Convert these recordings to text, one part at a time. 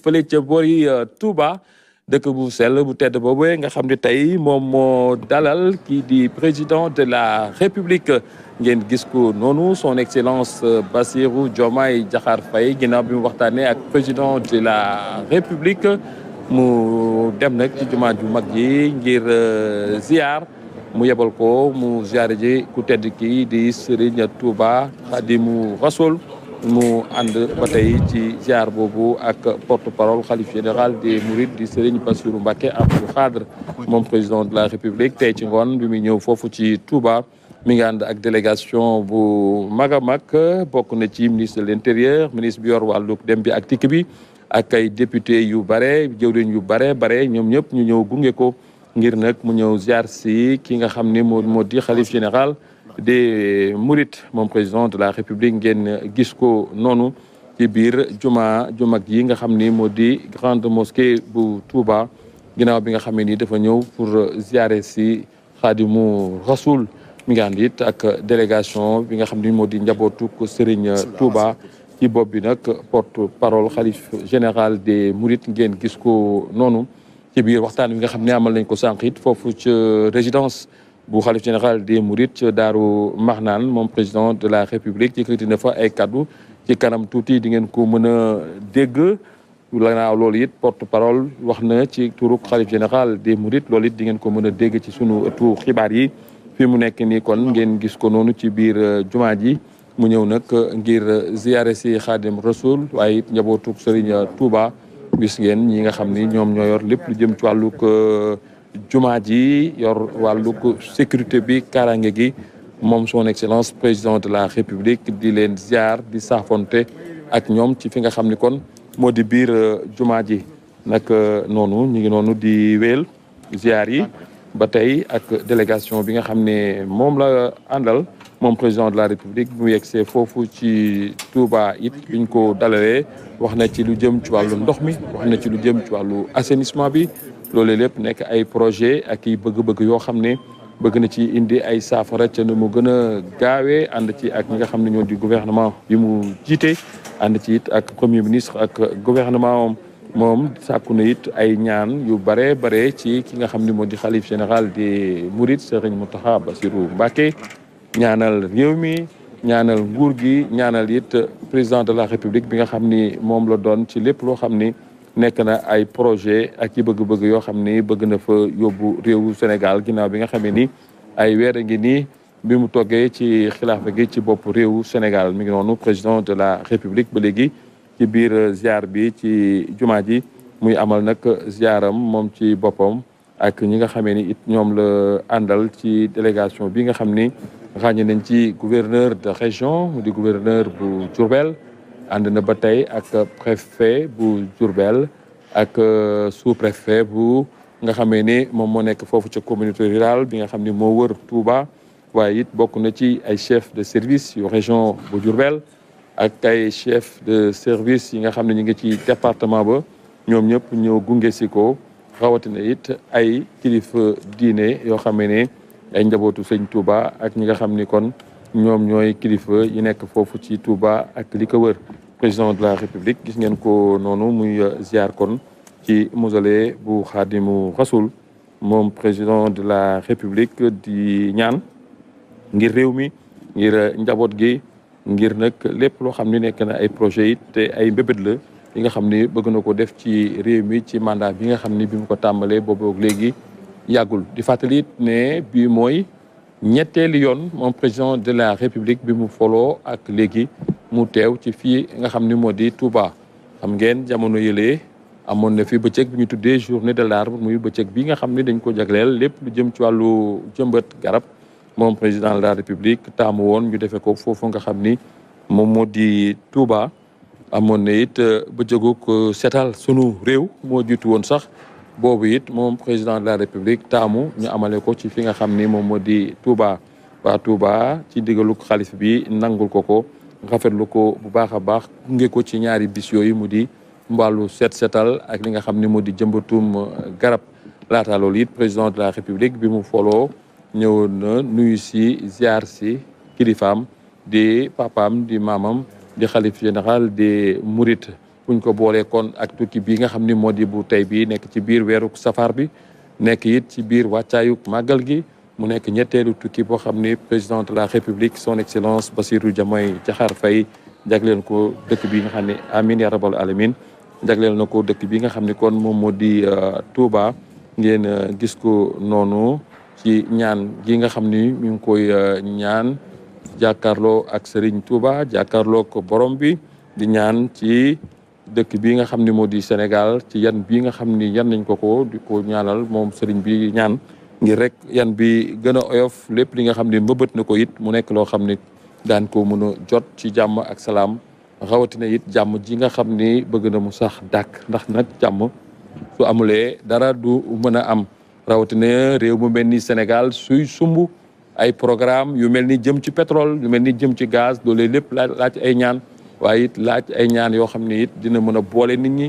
fële ci bori euh, Touba dëkk bu sel bu tedd boobee nga xamni tay mom mo dalal ki di président de la république ngeen gis ko noonu son excellence euh, Bassirou Diomaye Diakhar Faye ginnaaw bi mu waxtaanee ak président de la république mu dem nak ci jumaa ju mag yi ngir euh, ziar mu yebal ko mu ziar ji ku tedd ki di Serigne Touba Khadimou rasoul mu ànd ba tey ci ziar boobu ak porte parole xalif général des Mourides di Serigne Bassirou Mbacké Abdou Khadre mon président de la république tey ci ngoon bi muy ñëw foofu ci Touba mi ngi ànd ak délégation bu mag a mag bokk na ci ministre de l'intérieur ministre bi yor wàllu dem bi ak tikk bi ak ay député yu bare jëwriñ yu bare bare ñoom ñëpp ñu ñëw gunge ko ngir nag mu ñëw ziar si ki nga xam ne moo général des Mourides mon président de la république Gisco nonu, ko juma, ci juma ju modi, grande mosquée de Touba bi nga pour ziare si xaadimu rasul migandit, délégation bi nga modi, ni Serigne Touba ci porte parole Khalif général des Mourides ngeen Gisco Nonou, ci biir waxtaan bi nga xam résidence. bu xalif général des Mourides Daaru Maxnaan moom président de la république yëkkati na fa ay kaddu ci kanam tuuti di ngeen ko mën a dégg lanaaw loolu it porte parole wax na ci turu xalif général des murit lool it di ngeen ko mën a dégg ci sunu ëttu xibaar yi fi mu nekk nii kon ngeen gis ko noonu ci biir euh, jumaa ji mu ñëw nag ngir ziyaare si xaadim rasul waaye it njabootu Serigne Touba gis ngeen ñi nga xam ni ñoom ñoo yor lépp lu jëm ci wàllug euh, jumaa ji yor sécurité bi karange gi son excellence président de la république di leen ziar di saafonte ak ñoom ci fi nga xam nonu kon moo di biir euh, jumaa ji euh, ngi di ziar yi ak délégation bi nga xam la Andal, Mom président de la république mu yegsee Fofu ci Touba it biñ ko dalalee wax na ci lu jëm ci wàllu mi ci lu jëm ci assainissement bi loole lépp nekk ay projet ak i bëgg-bëgg yoo xam ne bëgg na ci indi ay saafara ca nu mu gën a gaawee ànd ci ak nga xam ne ñoo di gouvernement yu mu jiite ànd ci it ak premier ministre ak gouvernement am moom sàkku na it ay ñaan yu bare bare ci ki nga xam ni moo di xalif général des Mourides Serigne Mountakha Bassirou Mbacké ñaanal réew mi ñaanal nguur gi ñaanal it président de la république bi nga xam ne moom la doon ci lépp loo xam ni nekk na ay projet ak i bëgg-bëgg yoo xam ni bëgg na fa yóbbu réewu Sénégal ginaaw bi nga xamee ni ay weer a ngi nii bi mu toggee ci xilaafa gi ci bopp réewu Sénégal mi ngi noonu de la République ba léegi ci biir ziar bi ci jumaa ji muy amal nag ziaram moom ci boppam ak ñi nga xamee ni ñoom la àndal ci délégation bi nga xam ni ràññe nañ ci gouverneur de région di gouverneur bu Diourbel ànd na ba ak préfet bu Djourbel ak euh, sous-préfet bu nga xamee ni moom moo nekk foofu ca communauté rurale bi nga xamné mo wër Touba waye it bokk na ci ay chef de service yu région bu Diourbel ak tay chef de service yi nga xamné ñi ngi ci département ba ñom ñep ñëw gunge si ko rawatina it ay kilifa diine yo xam ay njabootu sëñ Touba ak ñi nga xamné kon ñom ñoy kilifa yi nek fofu ci Touba ak li ko wër président de la république gis ngeen ko noonu muy euh, ziar kon ci mausolée bu xaadimu rasoul mon président de la république di ñaan ngir réew ngir euh, njabot gi ngir nak lépp lo xamni nek na ay projet yi té ay mbébét la yi nga xamni ni bëgg na def ci réew ci mandat bi nga xamni bimu ko tambalé ko ak légui yagul di fatali ne bi moy ñetteeli yoon mon président de la république bimu mu ak légui mu teew ci fii nga xam di Touba xam ngeen jamono yele amoon na fi bëccëg bi ñu tuddee journée de l'arbre muy bëccëg bi nga xam dañ ko jagleel lépp lu jëm ci wàllu jëmbët garab moom président de la république taamu won ñu defee ko foofu nga xam di Touba amon na it euh, bëccëguk euh, setal sunu réew mo jitu woon sax boobu it moom président de la république tamu ñu amale ko ci fi nga xam ni moom di Touba waa Touba ci digeluk xalif bi nangul ko ko rafetlu ko bu baax a baax gunge ko ci ñaari bis yi mu di mbaalu set setal ak li nga xam ni mu di jëmbatum uh, garab laata loolu it président de la république bi mu folo ñëwoon na nuyu si ziar si kilifaam di papaam di maamam di xalif général di murit buñ ko boolee kon ak tukki bi nga xam ni moo di bu tey bii nekk ci biir weeru safar bi nekk it ci biir wàccaayuk màggal gi mu nekk ñetteelu tukki boo xam ni président de la république son excellence Bassirou Diomaye Diakhar Faye jagleel ko dëkk bi nga xam ne amin ya rabal jagleel na ko dëkk bi nga xam ne kon moom moo di euh, Touba ngeen euh, gis ko noonu ci ñaan gi nga xam ni mi ngi koy euh, ñaan jàkkaarloo ak Serigne Touba jàkkaarloo ko borom bi di ñaan ci dëkk bi nga xam ni moo di Sénégal ci yan bi nga xam ni yan nañ ko ko di ko ñaanal moom Serigne bi ñaan ngir rek yan bi gën a oyof lépp li nga xam ne mbëbët na ko it mu nekk loo xam ni daan ko mën a jot ci jàmm ak salaam rawatina it jàmm ji nga xam ni bëgg na mu sax dàkk ndax nag jàmm su amulee dara du mën a am rawatina réew mu mel ni Sénégal suy sumb ay programme yu mel ni jëm ci pétrole yu mel ni jëm ci gaz doole lépp laaj laaj ay ñaan waaye it laaj ay ñaan yoo xam ne it dina mën a boole nit ñi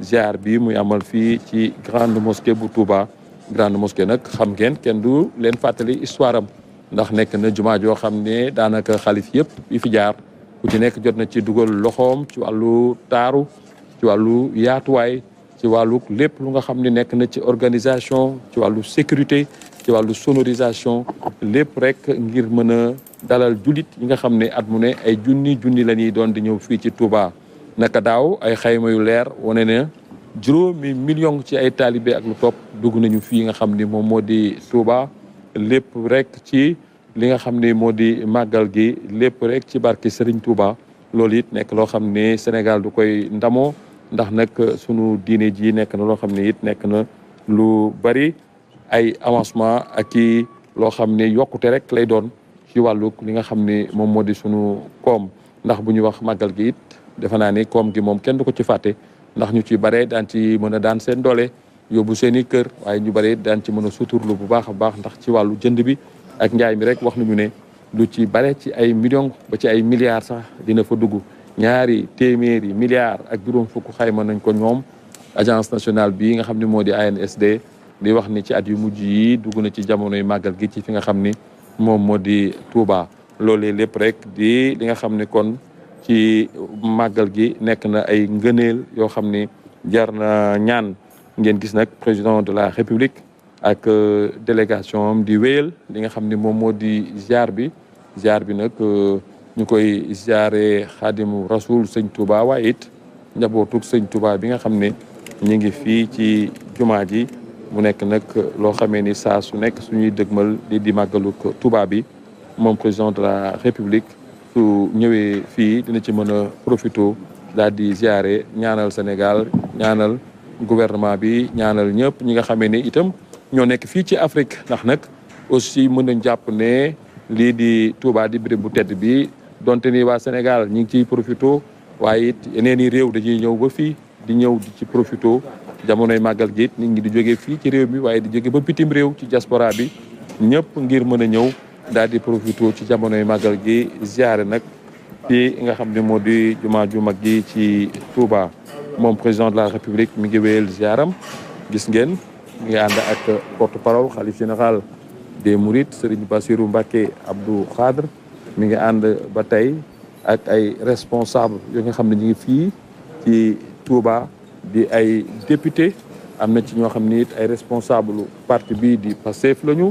ziar bi muy amal fii ci grande mosquée bu Touba grande mosquée nag xam ngeen kenn du leen fàttali histoire am ndax nekk na jumaa joo xam ne daanaka xalif yëpp yi fi jaar ku ci nekk jot na ci dugal loxoom ci wàllu taaru ci wàllu yaatuwaay ci wàllu lépp lu nga xam ne nekk na ci organisation ci wàllu sécurité ci wàllu sonorisation lépp rek ngir mën a dalal julit yi nga xam ne at mu ne ay junni junni la ñuy doon di ñëw fii ci Touba. naka daaw ay xayma yu leer wane ne mi million ci ay taalibe ak lu topp dugg nañu fii nga xam ni moom moo di suuba lépp rek ci li nga xam ni moo di màggal gi lépp rek ci barke Serigne Touba loolu it nekk loo xam ne Sénégal du koy ndamoo ndax nag sunu diine ji nekk na loo xam ne it nekk na lu bari ay avancement ak loo xam ne yokkute rek lay doon ci wàllug li nga xam ne moom moo di sunu koom ndax bu ñu wax màggal gi it defe naa ni koom gi moom kenn du ko ci fàtte ndax ñu ci bare daan ci mën a daan seen doole yóbbu seen i kër waaye ñu bare daan ci mën a suturlu bu baax a baax ndax ci wàllu jënd bi ak njaay mi rek wax nañu ne lu ci bare ci ay millions ci ay milliards sax dina fa dugg ñaari téeméeri milliards ak juróom fukk xayma nañ ko moom agence nationale bii nga xam ne moo di ANSD di wax ni ci at yu mujj yi dugg na ci yi màggal gi ci fi nga xam ni moom moo di Touba loolee lépp rek di li nga xam ne kon ci màggal gi nekk na ay ngëneel yoo xam ni jar na ñaan ngeen gis nag président de la république ak euh, délégation am di wéyal li nga xam ni moom moo di ziar bi ziar bi nag euh, ñu koy ziare xaadimu rasul sëñ Touba waaye it njabootu sëñ Touba bi nga xam ne ñu ngi fii ci jumaa ji mu nekk nag loo xamee ni saa su nekk suñuy dëgmal li di màggalu Touba bi moom président de la république su ñëwee fii dina ci mën a profito daal di ziare ñaanal Sénégal ñaanal gouvernement bi ñaanal ñëpp ñi nga xamee ni itam ñoo nekk fii ci Afrique ndax nag aussi mën nañ jàpp ne lii di Touba di béréb bu tedd bi donte ni waa Sénégal ñi ngi ciy profito waaye it yeneen i réew dañuy ñëw ba fii di ñëw di ci profito jamonoy màggal gi ni nit ñi di jóge fii ci réew bi waaye di jege ba bitim réew ci jaspora bi ñëpp ngir mën a ñëw dadi profito profité ci jamonoy magal gi ziaré nak fii nga xamné modi moo di ju mag gi ci Touba moom président de la république mi ngi wéyal ziaram gis ngeen mi ngi ànd ak porte parole xalif général des Mourides Serigne Bassirou Mbacké Abdou Khadr mi ngi ànd ba tey ak ay responsable yo nga xamné ñi fi ci Touba di ay député amna ci ñoo xamné ay responsable parti bi di Pastef lañu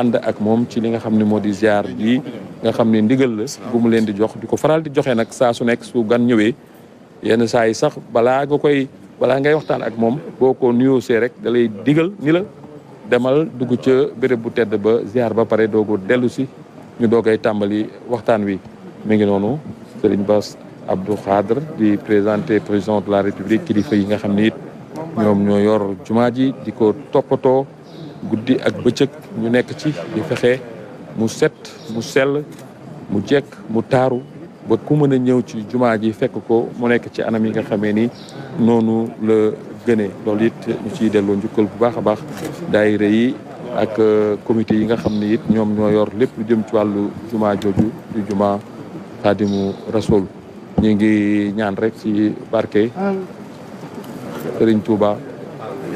ànd ak moom ci li nga xam ne moo di ziar bi nga xam ne ndigal la bu mu leen di jox di ko faral di joxe nag saa su nekk su gan ñëwee yenn saa yi sax balaa nga koy balaa ngay waxtaan ak moom boo ko nuyoo see rek da lay digal ni la demal dugg ca béréb bu tedd ba ziar ba pare doogu dellu si ñu doogay tàmbali waxtaan wi mu ngi noonu Serigne Bass Abdou Khadre di présenté président de la République kilifa yi nga xam ni it ñoom ñoo yor jumaa ji di ko toppatoo guddi ak bëccëg ñu nekk ci di fexe mu set mu sell mu jekk mu taaru ba ku mën a ñëw ci jumaa ji fekk ko mu nekk ci anam yi nga xamee ni noonu la gënee loolu it ñu ciy bu baax daayira yi ak euh, comité yi nga it yor lu jëm ci rasul nyengi ngi ñaan rek ci barke Sëriñ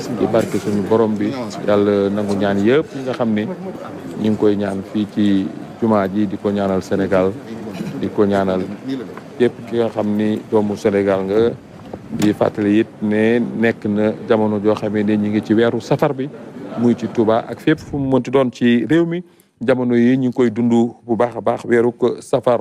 ci barke suñu borom bi yàlla nangu ñaan yëpp yi nga xam ni ñu ngi koy ñaan fii ci jumaa ji di ko ñaanal Sénégal di ko ñaanal yépp ki nga xam ni doomu Sénégal nga di fàttali it ne nekk na jamono joo xamee ne ñu ngi ci weeru safar bi muy ci Touba ak fépp fu mu mënti doon ci réew mi jamono yi ñu ngi koy dund bu baax a baax weeru safar